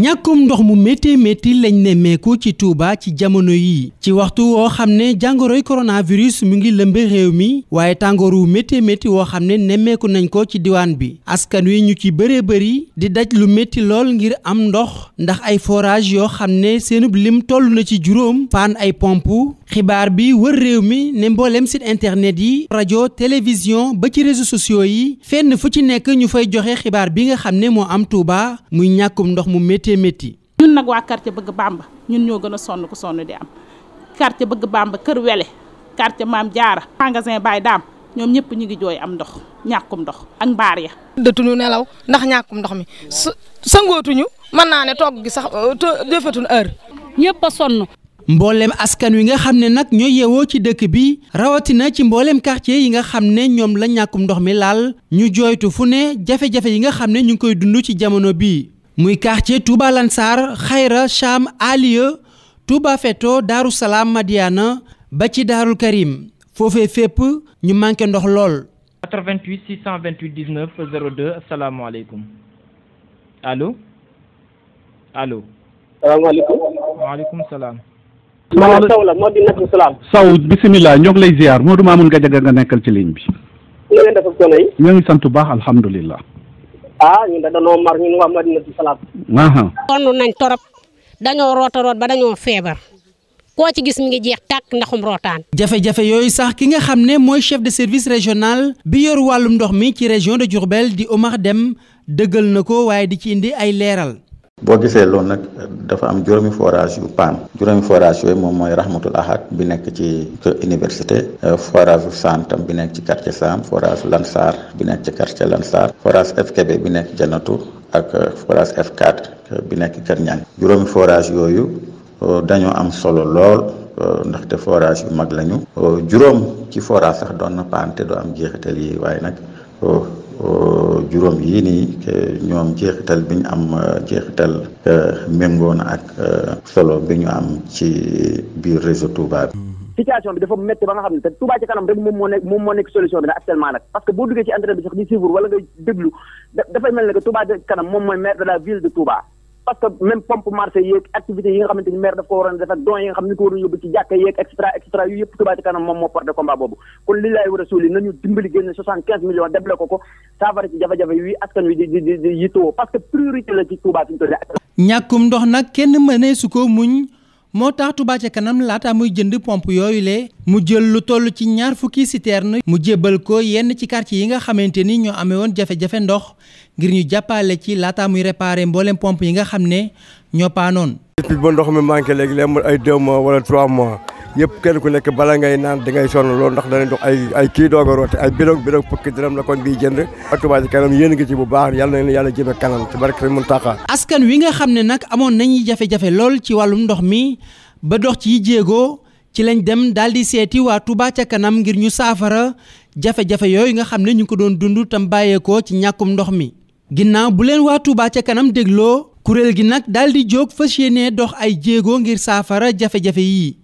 ñàkkum ndox mu métti métti lañ ne ci Touba ci jamono yi ci waxtu woo xam ne jàngoroy coronavirus mu ngi lëmb réew mi waaye tàngoor wu métti métti woo xam ne nemmeeku nañ ko ci diwaan bi askan wi ñu ci bëree bëri di daj lu métti lool ngir am ndox ndax ay forage yoo xam ne seenub lim toll na ci juróom faan ay pompe xibaar bi wër réew mi ne mbooleem site internet yi rajo télévision ba ci réseaux sociaux yi fenn fu ci nekk ñu fay joxe xibaar bi nga xam ne moo am Touba muy ñàkkum ndox mu métti méttee métti. ñun nag waa quartier bëgg Bamba ñun ñoo gën a sonn ku sonn di am quartier bëgg Bamba kër wele quartier maam jaara magasin baay Daam ñoom ñëpp ñu ngi jooy am ndox ñàkkum ndox ak mbaar ya. dëttuñu nelaw ndax ñàkkum ndox mi sa sangootuñu mën naa ne togg gi sax defatuñu euh, heure. ñëpp sonn. mboolem askan wi nga xam ne nag ñoo yeewoo ci dëkk bi rawatina ci mboolem quartier yi nga xam ne ñoom la ñàkkum ndox mi laal ñu jooytu fu ne jafe-jafe yi nga xam ne ñu ngi koy dund ci jamono bii. muy quartier Touba Lansar Xayra Cham Alieu Touba Feto Daaru Salaam Madiana ba ci Daarul Karim foofee fépp ñu manqué ndox lool. 88 628 19 02 asalaamaaleykum allo allo. salaamaaleykum. salaam. maanaam Sow la moo di Nafou Salaam. Sow bisimilah ñoo ngi lay ziar Modou Mamoun Gadiaga nga nekkal ci ligne bi. ñoo ngi sant bu baax alhamdulilah. ah ñun de danoo mar ñun waa nañ torop dañoo roota root ba dañoo feebar. koo ci gis mi ngi jeex tàkk ndaxum rootaan. jafe-jafe yooyu sax ki nga xam ne mooy chef de service régional bi yor wàllum ndox mi ci région de Diourbel di Omar dem dëggal na ko waaye di ci indi ay leeral. boo gisee loolu nag dafa am juróomi forage yu paan juróomi forage yooyu moom mooy rahmatul ahad bi nekk ci université euh, forage Sam tam bi nekk ci quartier Sam forage Lansar bi nekk ci quartier Lansar forage FKB bi nekk Janatu ak euh, forage F4 euh, bi nekk Kër Ñang juróomi forage yooyu dañoo am solo lool ndaxte forage yu mag lañu juróom ci forage sax doon na paan te du am jeexital yi waaye nag juróom yii nii ñoom jeexital bi ñu am jeexital eh, méngoo na ak eh, solo bi ñu am ci biir réseau Touba bi. situation bi dafa métti ba nga xam ne te ci kanam rek moom moo nekk solution bi nag actuellement nag parce que boo duggee ci internet bi sax di suivre wala nga déglu dafay mel ne que ci kanam moom mooy maire de la ville de Touba. parce que même pompe marché yeeg activités yi nga xamante ni maire daf ko waroon a def don yi nga xam ni ko waroon moo porté combat a suuli nañu dimbali génne soixante ko ko saafara ci pompe yooyu le mu jël lu toll ci ñaar fukki citerne mu jébbal ko yenn ci quartier yi nga xamante ni ñoo amee woon jafe-jafe ndox ngir ñu jàppale ci laata muy réparé mboolem pompe yi nga xam ne ñoo paanoon. depuis ndox mi manqué léegi léegi ay deux mois wala trois mois yëpp kenn ku nekk bala ngay naan da ngay sonn loolu ndax danañ dox ay ay kii doog a roote ay bidon bidon fukki dërëm la jënd. ak Touba Ca Kanam yéen ngi ci bu baax yàlla na yàlla jëme kanam ci barke mun taxaa. askan wi nga xam ne nag amoon nañuy jafe-jafe lool ci wàllum ndox mi ba dox ci jéegoo ci lañ dem daal di seeti waa Touba Ca Kanam ngir ñu saafara jafe-jafe yooyu nga xam ne ñu ko doon dund tam bàyyeekoo ci ñàkkum ndox mi ginnaaw bu leen waa Touba ca kanam dégloo kuréel gi nag daal di jóg fa yéene dox ay jéego ngir saafara jafe-jafe yi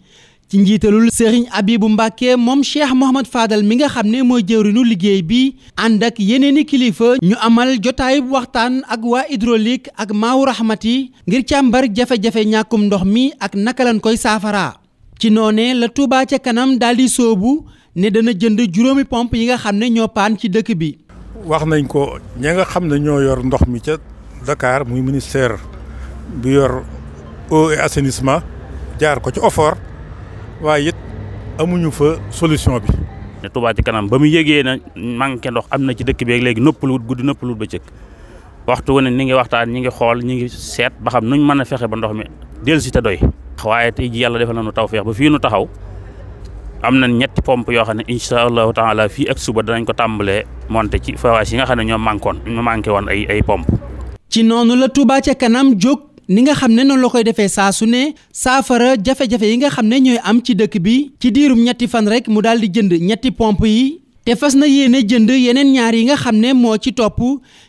ci njiitalul Serigne Abibu Mbàkke moom Cheikh Mohamad Fadal mi nga xam ne mooy jëwrinu liggéey bi ànd ak yeneeni kilifa ñu amal jotaayub waxtaan ak waa hydraulique ak maawu rahmati ngir càmbar jafe-jafe ñàkkum ndox mi ak naka lañ koy saafara ci noone la Touba ca kanam daal di soobu ne dana jënd juróomi pompe yi nga xam ne ñoo ci dëkk bi wax nañ ko ña nga xam ne ñoo yor ndox mi ca Dakar muy ministère bi yor eau et jaar ko ci OFOR waaye it amuñu fa solution bi. ne Touba ci kanam ba mu yëgee na manqué ndox am na ci dëkk bi léegi noppaluwut guddi noppaluwut ba cëkk waxtu wu ne ni ngi waxtaan ñi ngi xool ñi ngi seet ba xam nuñ mën a fexe ba ndox mi si te doy. waaye tey ji yàlla defal nañu feex ba fii nu taxaw. am na ñetti pompe yoo xam ne incha allahu taala fii ak suba danañ ko tàmbalee monte ci forage yi nga xam ne ñoo manquoon ñu manqué woon ay ay pompe ci noonu la Touba ca kanam jóg ni nga xam ne noonu la koy defee saa su ne saafara jafe-jafe yi nga xam ne ñooy am ci dëkk bi ci diirum ñetti fan rek mu daal di jënd ñetti pompe yi te fas na yéene jënd yeneen ñaar yi nga xam ne moo ci topp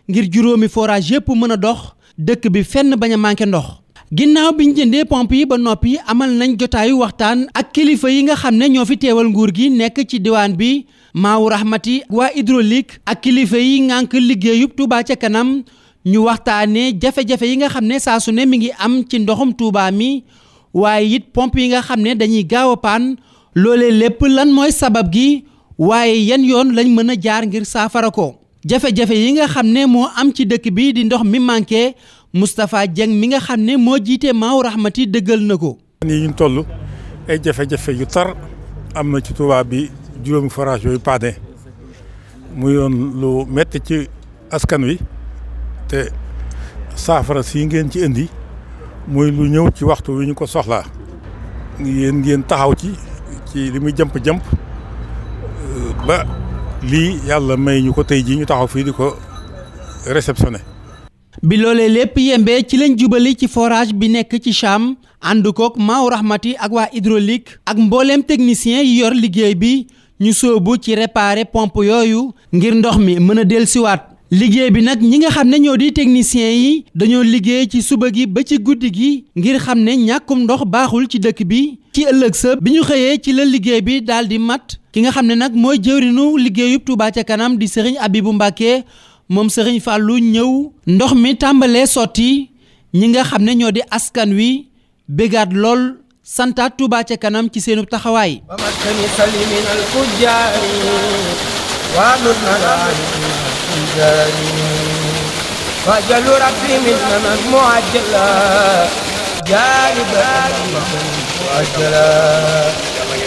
ngir juróomi forage yépp mën a dox dëkk bi fenn bañ a manqué ndox ginnaaw bi ñu jëndee pompe yi ba noppi amal nañ jotaayu waxtaan ak kilifa yi nga xam ne ñoo fi teewal nguur gi nekk ci diwaan bi maawu rahmati waa hydraulique ak kilifa yi ngànk liggéeyub Touba ca kanam ñu waxtaanee jafe-jafe yi nga xam ne saa su ne mi ngi am ci ndoxum Touba mi waaye it pompe yi nga xam ne dañuy gaaw a paan loole lépp lan mooy sabab gi waaye yan yoon lañ mën a jaar ngir saafara ko. jafe-jafe yi nga xam ne moo am ci dëkk bi di ndox mi manqué Moustapha Dieng mi nga xam ne moo jiite Maaw Rahmati dëggal na ko. yi ñu toll ay jafe-jafe yu tar am na ci Touba bi juróomi forage yooyu paane mu yoon lu metti ci askan wi te saafara si ngeen ci indi muy lu ñëw ci waxtu wi ñu ko soxlaa. yéen ngeen taxaw ci ci li muy jëmp jëmp lii yàlla may ñu ko tey jii ñu taxaw fii di ko réceptionné. bi loolee lépp yembee ci lañ jubali ci forage bi nekk ci Cham ànd koog Maaw Rahmati ak waa hydraulique ak mbooleem technicien yi yor liggéey bi ñu sóobu ci réparer pompe yooyu ngir ndox mi mën a dellusiwaat. liggéey bi nag ñi nga xam ne ñoo di techniciens yi dañoo liggéey ci suba gi ba ci guddi gi ngir xam ne ñàkkum ndox baaxul ci dëkk bi ci ëllëg sa bi ñu xëyee ci la liggéey bi daal di mat ki nga xam ne nag mooy jëwrinu liggéeyub tubaa ca kanam di sëriñ Abibou Mbacke moom sëriñ lu ñëw ndox mi tàmbalee sotti ñi nga xam ne ñoo di askan wi bégaat lool santaat tubaa ca kanam ci seenu taxawaay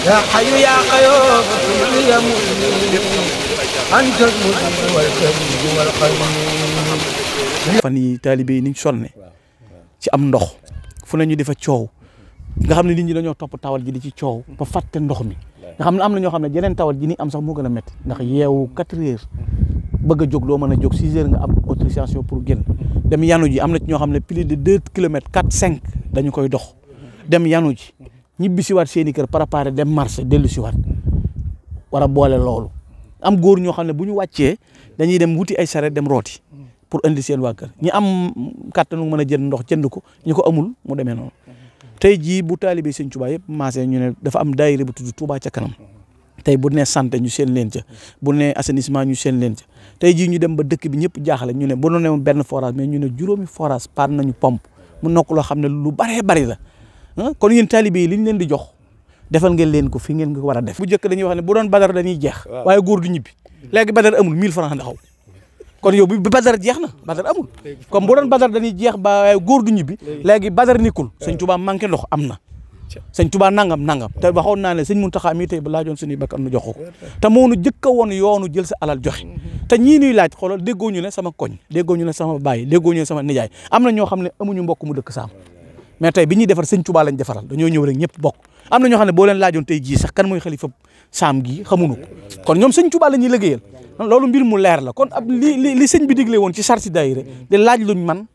يا حي يا قيوم يا مؤمن أنت المؤمن والكريم fan yi taalibe niñ sonne ci am ndox fu nañu di fa coow nga xam ne nit ñi nañoo topp tawal ji di ci coow ba fàtte ndox mi nga xam ne am na ñoo xam ne jeneen tawal ji ni am sax moo gën a métti ndax yeewu quatre heures bëgg a jóg doo mën a jóg six heures nga am autorisation pour gën dem yanu ji am na ñoo xam ne plus de deux kilomètres quatre cinq dañu koy dox dem yanu ji ñibbisiwaat seen seeni kër préparé dem marché dellu siwaat war a boole loolu am góor ñoo xam ne bu ñu wàccee dañuy dem wuti ay saret dem rooti pour indi seen waa kër ñi am kattanu mën a jënd ndox jënd ko ñi ko amul mu demee noonu tey jii bu taalibe sëñ Tuubaa yëpp maase ñu ne dafa am daayira bu tudd Tuubaa ca kanam tey bu ne santé ñu seen leen ca bu ne assainissement ñu seen leen ca tey jii ñu dem ba dëkk bi ñëpp jaaxle ñu ne bu doon ne benn forage mais ñu ne juróomi forage par nañu pompe mu nokk loo xam ne lu baree bari la kon yéen taalibe yi li ñu leen di jox defal ngeen leen ko fii ngeen ko war a def bu njëkk dañuy wax ne bu doon badar dañuy jeex waaye góor du ñibbi léegi badar amul 1000 francs ndaxaw kon yow bi badar jeex na badar amul comme bu doon badar dañuy jeex ba waaye góor du ñibbi léegi badar nikul sëñ Tuubaa manqué ndox am na sëñ Tuubaa nangam nangam te waxoon naa ne sëñ Muntaxa mii tey ba laajoon suñuy bakkan nu jox ko te moonu jëkka woon yoonu jël sa alal joxe mhm. te ñii ñuy laaj xoolal déggoo ñu ne sama koñ déggoo ñu ne sama baay déggoo ñu ne sama nijaay am na ñoo xam ne amuñu mbokk mu dëkk saam mais tey bi ñuy defar sëñ Tuubaa lañ defaral dañoo ñëw rek ñëpp bokk am na ñoo xam ne boo laajoon tey jii sax kan mooy xalifa saam gii xamuñu kon ñoom sëñ Tuubaa la ñuy liggéeyal loolu mbir mu leer la kon ab li li li bi digle woon ci sarti rek di laaj luñ man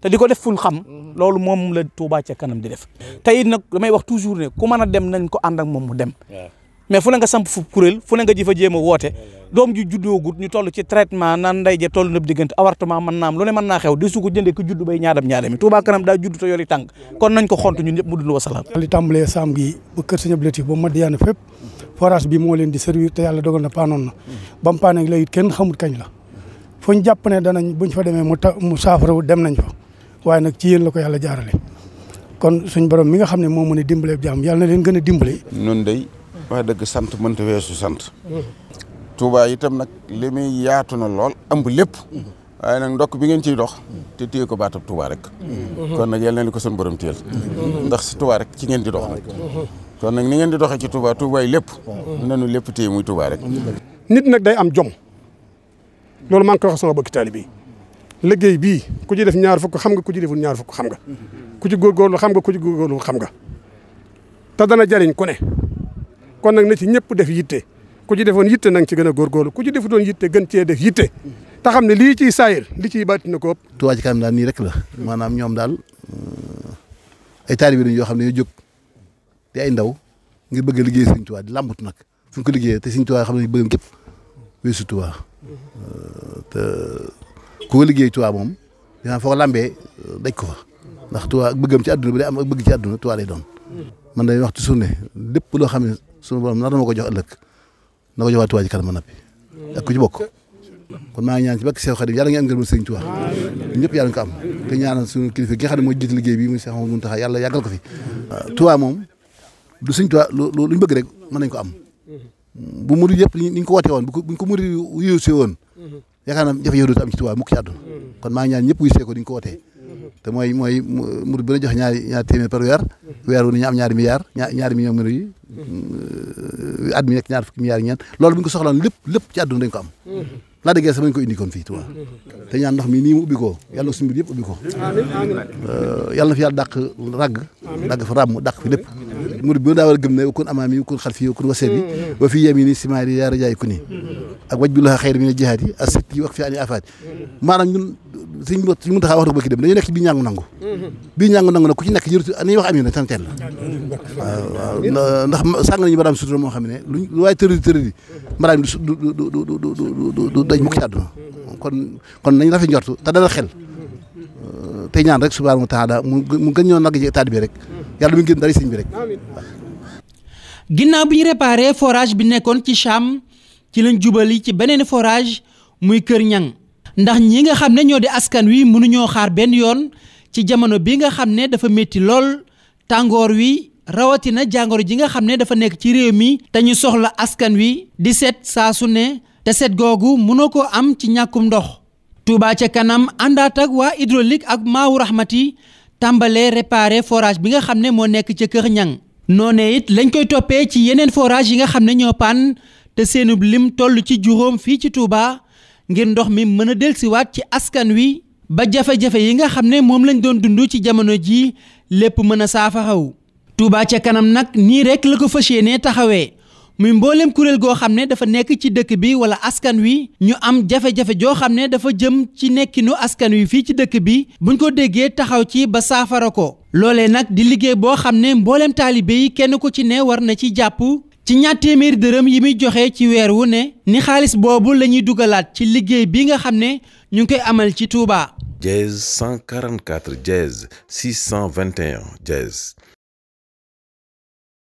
te di ko def ful xam loolu moom la Tuubaa ca kanam di def tey nag damay wax toujours ne ku mën a dem nañ ko ànd ak moom mu dem mais fu ne nga samp fu kuréel fu ne nga ji fa jéem a woote doom ju juddoogut ñu toll ci traitement naan nday ja toll na diggante avortement mën naa am lu ne mën naa xew di su ko jëndee ku judd bay ñaadam ñaadami Touba Kanam daa judd te yori tànk kon nañ ko xont ñun ñëpp mu dund wasalaam li tàmbalee saam gi moo leen di servir te yàlla dogal na paanoon na ba mu paanee léegi kenn xamut kañ la fu ñu ne danañ buñ fa demee mu ta mu dem nañ fa wa nag yéen la ko yàlla jaarale kon suñ borom mi nga xam ne moo mën a dimbalee jaam yàlla na leen gën a dimbale noonu day wax dëgg sant mënta weesu sant. Touba itam nag li yaatu na lool ëmb lépp. waaye nag ndokk bi ngeen ciy dox. te téye ko baatab Touba rek. kon nag yal na li ko seen borom téyel. ndax si Touba ci ngeen di dox nag. kon nag ngeen di doxee ci Touba Touba yi lépp. nanu lépp téye muy Touba rek. nit nag day am jom loolu maa ngi koy wax sama bokki taalibe bi liggéey bii ku ci def ñaar fukk xam nga ku ci deful ñaar fukk xam nga ku ci góorgóorlu xam nga ku ci góorgóorlu xam nga te dana jariñ ku kon nag na ci ñëpp def yitte ku ci defoon yitte nang nga ci gën a góorgóorlu ku ci defutoon yitte gën cee def yitte mm-hmm. te xam ne lii ciy saayir li ciy bàtti na ko ëpp Touba Ca Kanam daal nii rek la mm-hmm. maanaam ñoom daal ay taalibe lañ yoo xam ne ñoo jóg di ay ndaw ngir bëgg a liggéey Sëñ Touba di làmbatu nag fu ñu ko liggéeyee te Sëñ Touba xam ne bëggam képp weesu Touba mm-hmm. liggéey Touba moom dinaa foo ko làmbee daj ko fa ndax Touba bëggam ci àdduna bi day am ak bëgg ci àdduna Touba lay doon man day wax toujours ne lépp loo xam sunu borom nar na ma ko jox ëllëg na ko jox waa Touba Ca Kanam ba noppi ak ku ci bokk kon maa ngi ñaan ci bakk Seex Xaadim yàlla ngeen am ngërëm Sëriñ Tuubaa ñëpp yàlla nga ko am te ñaanal sunu kilifa gi nga xam ne mooy jiite liggéey bi muy Seex Muntaxa yàlla yàggal ko fi Tuubaa moom du Sëriñ Tuubaa lu ñu bëgg rek mën nañ ko am bu murid yëpp ni ñu ko woote dootu am ci Tuubaa mukk ci kon maa ngi ñaan ñëpp gisee ko ko wootee te mooy mooy murid bu ne jox ñaari ñaari téeméer par weer weer wu ne ñu ñaari milliards ñaari millions mënu yi euh, at mi nekk ñaar fukki milliards ñeent loolu bu ñu ko soxlaan lépp lépp ci àdduna dañ ko am laa déggee sama ñu ko indi koon fii te ñaan ndox mi nii mu ubbi ko yàlla na suñu mbir yëpp ubbi ko euh, yàlla na fi yàlla dàq ràgg dàq fi ràmm dàq fi lépp murid bi daa war a gëm ne kun amaami kun xalfi kun waseebi wa fi yamini simaari yaa rajaay kuni ak waj bi loxa xayr mi ne jihaat yi ak sit yi wax fi ani afaat maanaam ñun suñ suñ mun taxaa wax na ko a dem dañu nekk ci bii ñàngu nangu bii ñàngu nangu nag ku ci nekk yërtu nañuy lu waaye tërëdi tërëdi maraam du du daj kon kon nañ rafet njortu dalal xel tey ñaan rek subhaanahu wa taala mu gën ñoo nag ci rek yàlla mu ngi bi rek. ginnaaw bi ñu réparé forage bi nekkoon ci Cham ci lañ yi ci beneen forage muy Kër Ñang ndax ñi nga xam ne ñoo di askan wi mënuñoo xaar benn yoon ci jamono bi nga xam ne dafa métti lool tàngoor wi rawatina jàngoro ji nga xam ne dafa nekk ci réew mi te ñu soxla askan wi di set saasu ne te set googu mënoo ko am ci ñàkkum ndox. Touba ca kanam àndaat ak waa hydraulique ak maawu rahmati tàmbalee réparé forage bi nga xam ne moo nekk ca Kër Ñang noonee it lañ koy toppee ci yeneen forage yi nga xam ne ñoo paan te seenub lim toll ci juróom fii ci Touba ngir ndox mi mën a delsiwaat ci askan wi ba jafe-jafe yi nga xam ne moom lañ doon dund ci jamono jii lépp mën a saafarawu Touba ca kanam nag nii rek la ko fas yéenee taxawee muy mbooleem kuréel goo xam ne dafa nekk ci dëkk bi wala askan wi ñu am jafe-jafe joo xam ne dafa jëm ci nekkinu askan wi fii ci dëkk bi buñ ko déggee taxaw ci ba saafara ko loolee nag di liggéey boo xam ne mbooleem taalibe yi kenn ku ci ne war na ci jàpp ci ñaar téeméeri dërëm yi muy joxe ci weer wu ne ni xaalis boobu la ñuy dugalaat ci liggéey bi nga xam ne ñu ngi koy amal ci Touba. dièse 144 dièse 621 dièse